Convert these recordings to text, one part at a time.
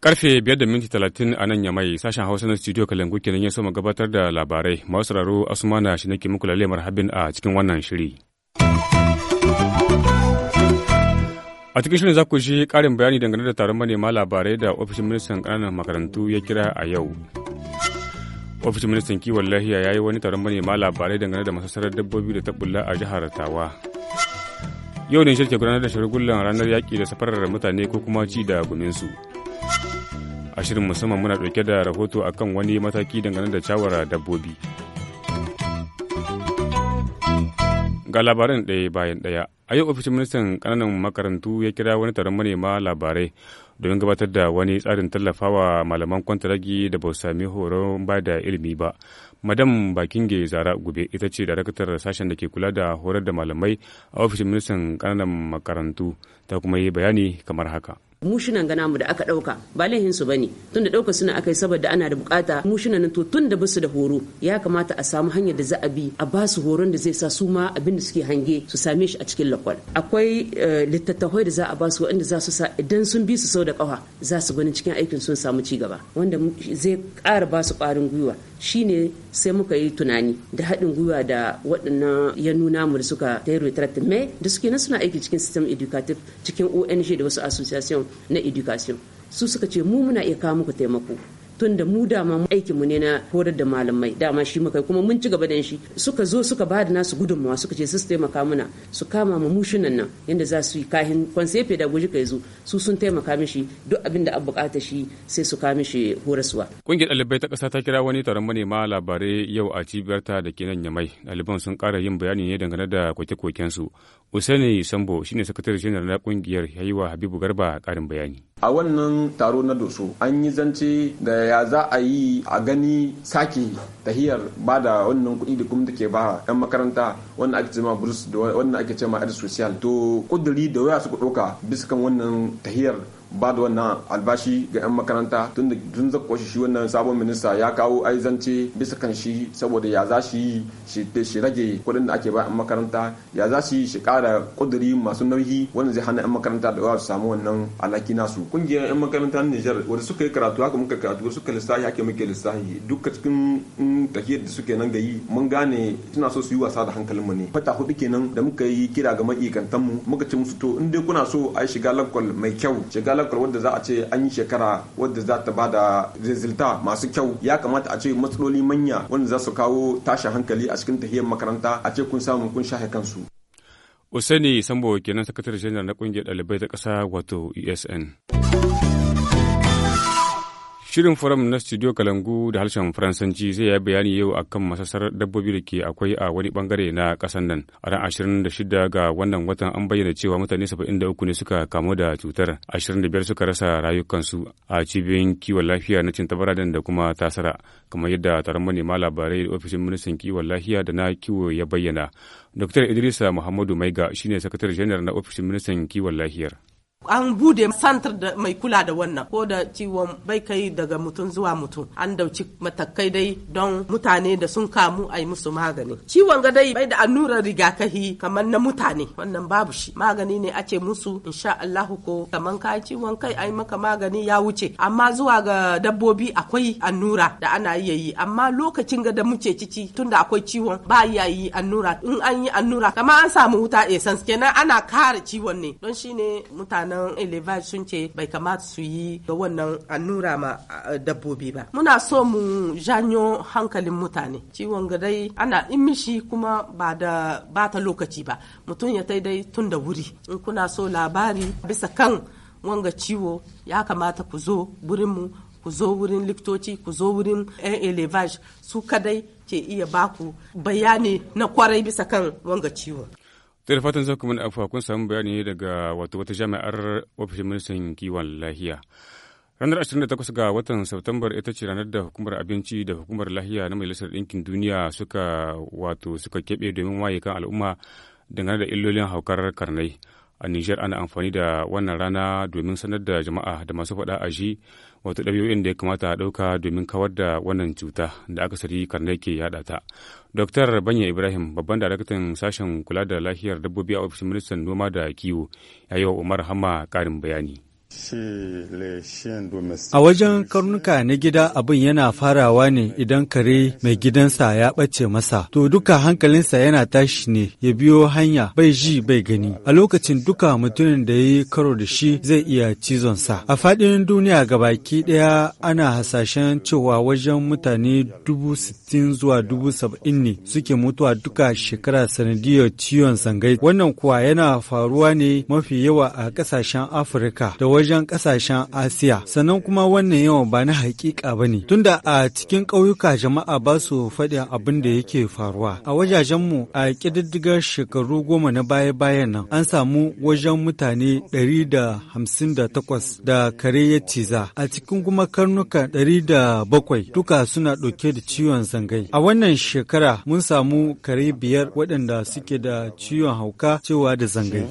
Karfe 5 da minti talatin a nan Yamai, sashen Hausa na studio Kalangu kenan ya soma gabatar da labarai. Masu sauraro Asumana shi nake muku lalle marhabin a cikin wannan shiri. A cikin shirin za ku shi ƙarin bayani dangane da taron manema labarai da ofishin ministan ƙananan makarantu ya kira a yau. ofishin ministan kiwon lafiya ya yi wani taron manema labarai dangane da masasarar dabbobi da tabbula a jihar tawa yau ne shirke gudanar da shirgullan ranar yaƙi da safarar mutane ko kuma ci da guminsu a shirin musamman muna ɗauke da rahoto akan wani mataki dangane da shawara dabbobi ga labarin ɗaya bayan ɗaya a yau ofishin ministan kananan makarantu ya kira wani taron manema labarai domin gabatar da wani tsarin tallafawa malaman kwantaragi da ba sami horon ba da ilimi ba madam bakinge zara gube ita ce daraktar sashen da ke kula da horar da malamai a ofishin ministan kananan makarantu ta kuma yi bayani kamar haka mushinan gana mu da aka dauka ba laihin su bane tun da dauka suna akai saboda ana da bukata mushinan to tun da basu da horo ya kamata a samu hanyar da za a bi a ba su horon da zai sa su ma abin da suke hange su same shi a cikin lakwal akwai eh, littattafai da za a ba su waɗanda za su sa idan sun bi su sau da ƙafa za su gani cikin aikin sun samu ci gaba wanda zai ƙara ba su ƙwarin gwiwa shine sai muka yi tunani da haɗin gwiwa da waɗannan ya nuna mu da suka ta yi mai da suke na suna aiki cikin system educative cikin ong da wasu association na education su suka ce mu muna iya kawo muku taimako tun da mu dama aikinmu ne na horar da malamai dama shi muka kuma mun ci gaba da shi suka zo suka ba da nasu gudunmawa suka ce su taimaka mana su kama mu mushinan nan yadda za su yi kahin kwansefe da guji kai zo su sun taimaka mishi duk abin da an bukata shi sai su kama shi horaswa. Kungiyar ɗalibai ta ƙasa ta kira wani taron manema labarai yau a cibiyar ta da kenan nan Yamai. Ɗaliban sun kara yin bayani ne dangane da koke su Usaini Sambo shine sakatare janar na kungiyar ya wa Habibu Garba karin bayani. a wannan taro na doso an yi zance da ya za a yi a gani sake tahiyar ba da wannan kuɗi da kuma ke ba yan makaranta wannan ake cema burus da wannan ake cema ed social to kuduri da waya suka ɗauka bisa kan wannan tahiyar ba da wannan albashi ga 'yan makaranta tun da tun zakko shi wannan sabon minista ya kawo aizance bisa kan shi saboda ya za shi shi rage kuɗin da ake ba 'yan makaranta ya za shi shi ƙara ƙuduri masu nauyi wanda zai hana 'yan makaranta da su samu wannan alaki nasu ƙungiyar 'yan makaranta na Nijar wanda suka yi karatu haka muka karatu suka lissahi haka muke lissahi duka cikin mm, tafiyar da suke nan gayi mun gane suna so su yi wasa da hankalinmu ne fata hudu kenan da muka yi kira ga mu muka ce musu to in dai kuna so a shiga lakwal mai kyau shiga lakwal wadda za a ce an yi shekara wadda za ta bada zilzilta masu kyau ya kamata a ce matsaloli manya wanda za su kawo tashin hankali a cikin tahiyar makaranta a ce kun samu kun shahe kansu. Usaini Sambo kenan sakatare janar na kungiyar ɗalibai ta ƙasa wato ESN. Shirin forum na Studio Kalangu da harshen Faransanci zai yi bayani yau akan masasar dabbobi da ke akwai a wani bangare na ƙasar nan. A ran 26 ga wannan watan an bayyana cewa mutane 73 ne suka kamu da cutar, 25 suka rasa rayukansu a cibiyoyin kiwon lafiya na cin Cintabaradan da kuma Tasara, kamar yadda taron manema labarai da ofishin ministan kiwon lafiya da na kiwo ya bayyana. Dr. Idrisa Muhammadu Maiga shine sakatare janar na ofishin ministan kiwon lafiyar. an bude santar da mai kula da wannan ko da ciwon bai kai daga mutum zuwa mutum an dauci matakai dai don mutane da sun kamu a musu magani ciwon ga dai bai da annurar rigakafi kamar na mutane wannan babu shi magani ne a ce musu insha Allah ko kamar ka ciwon kai a yi maka magani ya wuce amma zuwa ga dabbobi akwai annura da ana iya yi amma lokacin ga da muke ciki tunda akwai ciwon ba ya yi annura in an yi annura kamar an samu wuta a kenan ana kare ciwon ne don shine mutanen wannan elevage sun ce bai kamata su yi ga wannan annura ma dabbobi ba muna so mu janyo hankalin mutane ciwon gadai ana in mishi kuma ba da ba ta lokaci ba mutum ya tai dai tun da wuri in kuna so labari bisa kan wanga ciwo ya kamata ku zo mu ku zo wurin liktoci ku zo wurin yan elevage su kadai ke iya baku bayani na kwarai bisa kan wanga ciwo Tare fatan za ku mana kun samu bayani ne daga wato wata jami'ar ofishin ministan kiwon lahiya. Ranar 28 ga watan Satumbar ita ce ranar da hukumar abinci da hukumar lahiya na Majalisar Ɗinkin Duniya suka wato suka keɓe domin waye kan al'umma dangane da illolin haukar karnai. a Nijar ana amfani da wannan rana domin sanar da jama'a da masu faɗa a shi wato ɗabi'o'in da ya kamata a ɗauka domin kawar da wannan cuta da aka akasari karne ke yaɗa ta. Dr. Banya Ibrahim, babban daraktan sashen kula da lafiyar dabbobi a ofishin ministan noma da kiwo, ya yi wa Umar Hamma ƙarin bayani. A wajen karnuka na gida abin yana farawa ne idan kare mai gidansa ya ɓace masa, to duka hankalinsa yana tashi ne ya biyo hanya bai ji bai gani. A lokacin duka mutumin da ya yi karo da shi zai iya cizonsa. A faɗin duniya ga baki ɗaya ana hasashen cewa wajen mutane dubu sittin zuwa dubu saba'in ne suke mutuwa duka shekara sanadiyar ciwon zangai Wannan kuwa yana faruwa ne mafi yawa a kasashen Afirka da wajen ƙasashen Asiya. Sannan kuma wannan yawan ba na hakika ba ne. Tunda a cikin ƙauyuka jama'a ba su faɗi abin da yake faruwa. A wajajen mu a ƙididdigar shekaru goma na baya-bayan nan an samu wajen mutane 158 da kare ya ciza. A cikin kuma karnuka 107 duka suna ɗauke da ciwon zangai. A wannan shekara mun samu kare biyar waɗanda suke da ciwon hauka cewa da zangai.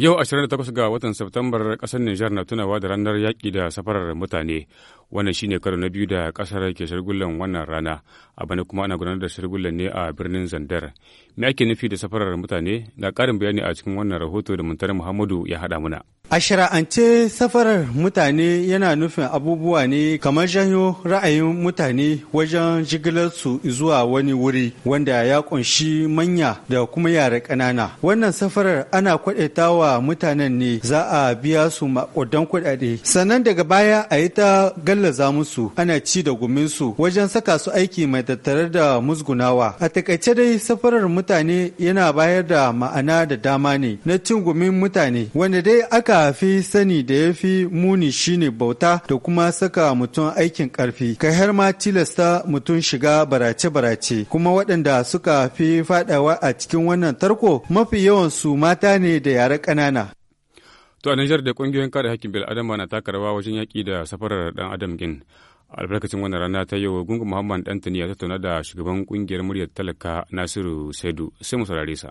Yau 28 ga watan Satumbar kasar Nijar na tunawa da ranar yaƙi da safarar mutane. Wannan shine karo na biyu da kasar ke shirgullan wannan rana, a bana kuma ana gudanar da shirgullan ne a birnin Zandar. Me ake nufi da safarar mutane? na karin bayani a cikin wannan rahoto da Muntari Muhammadu ya haɗa muna. A shari'ance safarar mutane yana nufin abubuwa ne kamar janyo ra'ayin mutane wajen jigilarsu zuwa wani wuri wanda ya kunshi manya da kuma yara ƙanana. Wannan safarar ana kwaɗaita wa mutanen ne za a biya su maƙudan kuɗaɗe. Sannan daga baya a yi ta gallaza musu ana ci da guminsu wajen saka su aiki mai tattare da musgunawa. A takaice dai safarar mutane yana bayar da ma'ana da dama ne na cin gumin mutane wanda dai aka fi sani da ya fi muni shine bauta da kuma saka mutum aikin karfi ka har ma tilasta mutum shiga barace-barace kuma waɗanda suka fi fadawa a cikin wannan tarko mafi yawan su mata ne da yara ƙanana to a Nijar da ƙungiyoyin kare hakkin bil'adama na taka rawa wajen yaƙi da safarar ɗan adam gin albarkacin wannan rana ta yau gungun muhammad dantani ya tattauna da shugaban ƙungiyar muryar talaka nasiru saidu sai mu saurare sa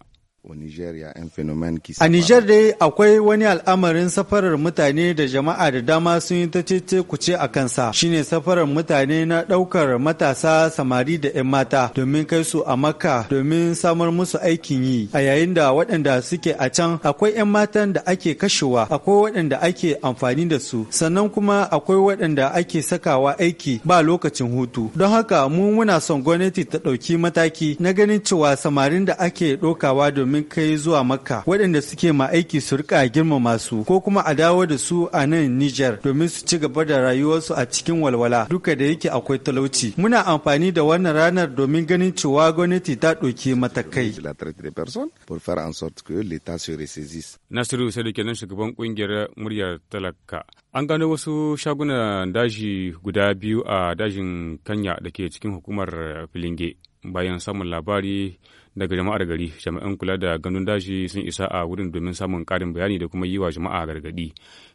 A Nijar dai akwai wani al'amarin safarar mutane da jama'a da dama sun yi ta cece kuce a kansa shine safarar mutane na ɗaukar matasa samari da 'yan mata domin kai su a makka domin samar musu aikin yi a yayin da waɗanda suke a can akwai 'yan matan da ake kashewa akwai waɗanda ake amfani da su sannan kuma akwai waɗanda ake sakawa aiki ba lokacin hutu don haka mu muna son gwamnati ta ɗauki mataki na ganin cewa samarin da ake ɗaukawa domin domin kai zuwa makka waɗanda suke ma aiki su rika girmama su ko kuma a dawo da su a nan niger domin su ci gaba da rayuwarsu a cikin walwala duka da yake akwai talauci muna amfani da wannan ranar domin ganin cewa gwamnati ta ɗauki matakai nasiru sadu kenan shugaban kungiyar muryar talaka an gano wasu shagunan daji guda biyu a dajin kanya da ke cikin hukumar filinge bayan samun labari daga jama'ar gari jama'an kula da gandun daji sun isa a wurin domin samun karin bayani da kuma yi wa jama'a gargadi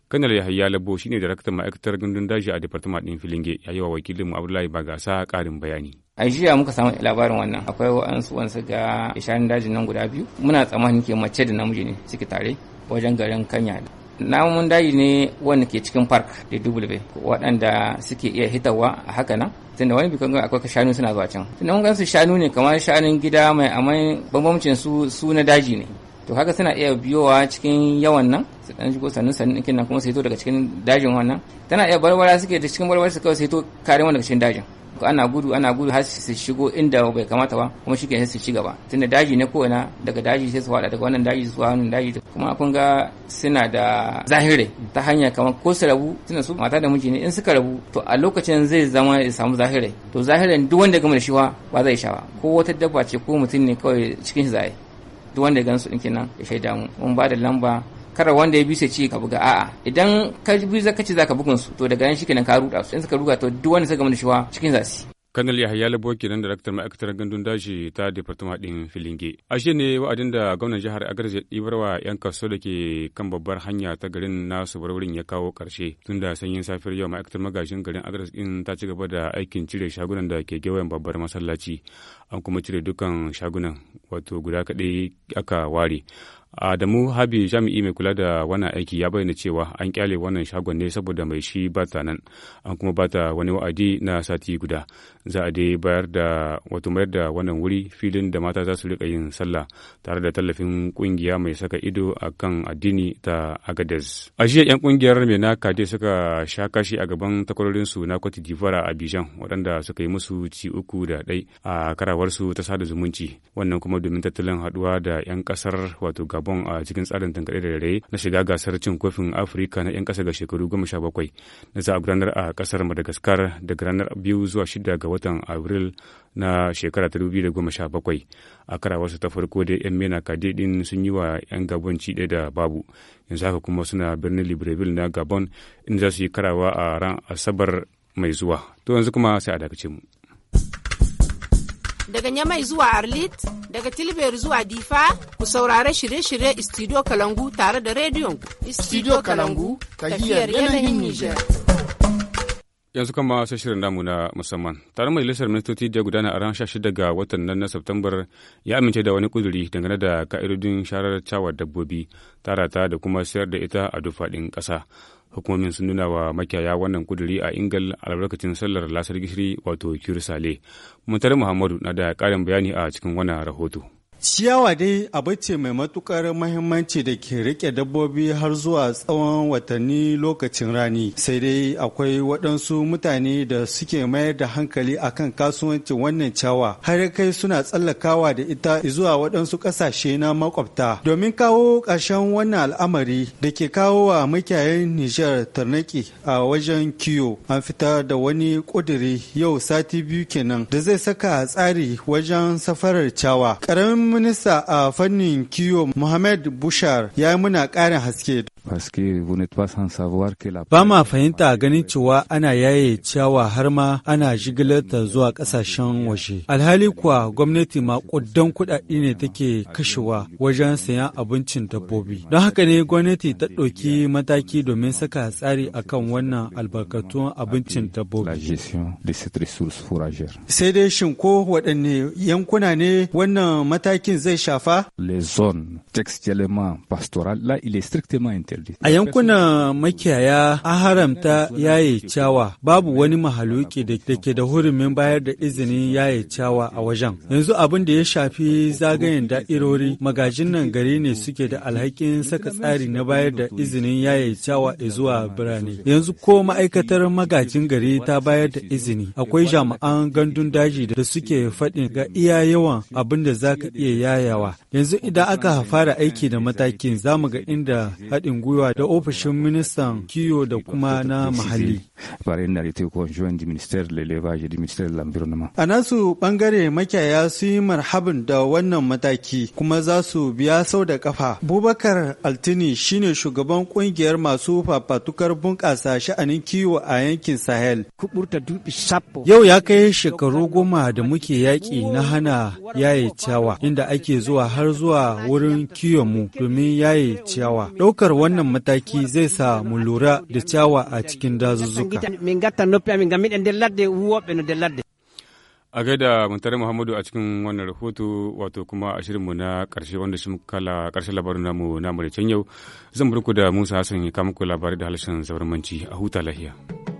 kanar yahaya labo shine daraktan ma'aikatar gandun daji a departama din filinge ya yi wa wakilin abdullahi gasa karin bayani a jiya muka samu labarin wannan akwai wa'ansu wansu ga ishanin dajin nan guda biyu muna tsammanin ke mace da namiji ne suke tare wajen garin kanya namun daji ne wanda ke cikin park da dubulbe waɗanda suke iya hitawa a haka nan tunda wani bikin akwai shanu suna zuwa can tunda mun gansu shanu ne kamar shanun gida mai amai bambamcin su su na daji ne to haka suna iya biyowa cikin yawan nan su dan shigo sannan sannan kin nan kuma su hito daga cikin dajin wannan tana iya barbara suke da cikin barbara su kawai su hito kare daga cikin dajin ana gudu ana gudu har su shigo inda bai kamata ba kuma shi sai su ci gaba tunda daji na ina daga daji sai su wada daga wannan daji zuwa wannan daji kuma kun ga suna da zahire ta hanya kamar ko su rabu tunda su mata da miji ne in suka rabu to a lokacin zai zama ya samu zahire to zahiren duk wanda gama da shiwa ba zai sha ba ko wata dabba ce ko mutum ne kawai cikin shi zai duk wanda ya gansu ɗin kenan ya shaida mu mun ba da lamba kar wanda ya bi sai ci ka buga a'a idan ka bi za ka ci za ka bugun su to daga nan shikenan ka ruda su in suka ruga to duk wanda suka mana shiwa cikin zasi kanal yahaya labo kenan daraktar ma'aikatar gandun dashi ta department din filinge ashe ne wa'adin da gwamnan jihar agarje wa yan kaso da ke kan babbar hanya ta garin nasu barwurin ya kawo karshe Tunda da sanyin safiyar yau ma'aikatar magajin garin agarje din ta ci gaba da aikin cire shagunan da ke gewayen babbar masallaci an kuma cire dukan shagunan wato guda kaɗai aka ware Adamu Habi jami'i mai kula da wannan aiki ya bayyana cewa an kyale wannan shagon ne saboda mai shi ba ta nan an kuma ba ta wani wa'adi na sati guda za a dai bayar da wato mayar da wannan wuri filin da mata za su rika yin sallah tare da tallafin kungiya mai saka ido a kan addini ta Agadez. A jiya 'yan kungiyar na Kade suka sha kashi a gaban takwarorin su na Cote d'Ivoire a bijan waɗanda suka yi musu ci uku da ɗai a karawarsu ta sada zumunci wannan kuma domin tattalin haɗuwa da 'yan ƙasar wato Gabon gabon a cikin tsarin tankaɗe da na shiga gasar cin kofin afirka na 'yan ƙasa ga shekaru goma sha bakwai da za a gudanar a ƙasar madagascar daga ranar biyu zuwa shida ga watan abril na shekara ta dubu da goma sha bakwai a karawarsa ta farko da 'yan mena kade sun yi wa 'yan gabon ci da babu yanzu haka kuma suna birnin libreville na gabon inda za su yi karawa a ran asabar mai zuwa to yanzu kuma sai a dakace mu daga Nyamai zuwa Arlit, daga Tilber zuwa Difa, ku saurare shirye-shirye Studio Kalangu tare da rediyon Studio Kalangu, tahiyar yanayin Nijar. yanzu ma sai shirin namu na musamman tare majalisar ministoci da gudana a ranar 16 ga watan nan na september ya amince da wani kuduri dangane da ka'idodin sharar cawar dabbobi tarata da kuma sayar da ita a dufaɗin ƙasa hukumomin sun nuna wa makiyaya wannan kuduri a ingal albarkacin sallar lasar gishiri wato kirisale muntar muhammadu na da karin bayani a cikin wannan rahoto Ciyawa dai abu ce mai matukar mahimmanci da ke rike dabbobi har zuwa tsawon watanni lokacin rani. Sai dai akwai waɗansu mutane da suke mayar da hankali akan kasuwancin wannan ciyawa har kai suna tsallakawa da ita zuwa waɗansu ƙasashe na makwabta. Domin kawo ƙarshen wannan al'amari da ke kawo wa makiyayen Nijar tarnaki a wajen kiyo an fita da wani ƙudiri yau sati biyu kenan da zai saka tsari wajen safarar ciyawa. Ƙaramin minista a fannin kiwo mohamed Bushar ya yi muna ƙarin haske. Ba ma fahimta ganin cewa ana yaye ciyawa har ma ana jigilarta zuwa ƙasashen waje. Alhali kuwa gwamnati ma maƙudan kuɗaɗe ne take kashewa wajen sayan abincin dabbobi. Don haka ne gwamnati ta ɗauki mataki domin saka tsari akan wannan albarkatun abincin dabbobi. Sai dai shin ko waɗanne yankuna ne wannan matakin zai shafa? Les zones textuellement pastorales, là, il est strictement A yankunan makiyaya a haramta yaye cawa babu wani mahaluki da ke da hurumin bayar da izinin yaye cawa a wajen. Yanzu abin da ya shafi zagayen da'irori magajin nan gari ne suke da alhakin saka tsari na bayar da izinin yaye e zuwa birane. Yanzu ko ma'aikatar magajin gari ta bayar da izini akwai jami'an gandun daji da suke faɗin ga iya yawan abin da za ka iya yayawa. Yanzu idan aka fara aiki da matakin za mu ga inda haɗin gwiwa da ofishin ministan kiwo da kuma na muhalli. A nasu bangare makiyaya su yi marhabin da wannan mataki kuma za su biya sau da kafa. Bubakar Altini shine shugaban kungiyar masu fafatukar bunƙasa sha'anin kiwo a yankin Sahel. Yau ya kai shekaru goma da muke yaƙi na hana yaye ciyawa inda ake zuwa har zuwa wurin kiwon mu domin yaye ciyawa. Ɗaukar wani wannan mataki zai sa mu lura da ciyawa a cikin dazuzzuka. A gaida Muntari Muhammadu a cikin wannan rahoto wato kuma a shirinmu na ƙarshe wanda shi kala ƙarshe labarin namu na can yau zan burku da Musa Hassan ya kama ku labarai da halashin zabarmanci a huta lahiya.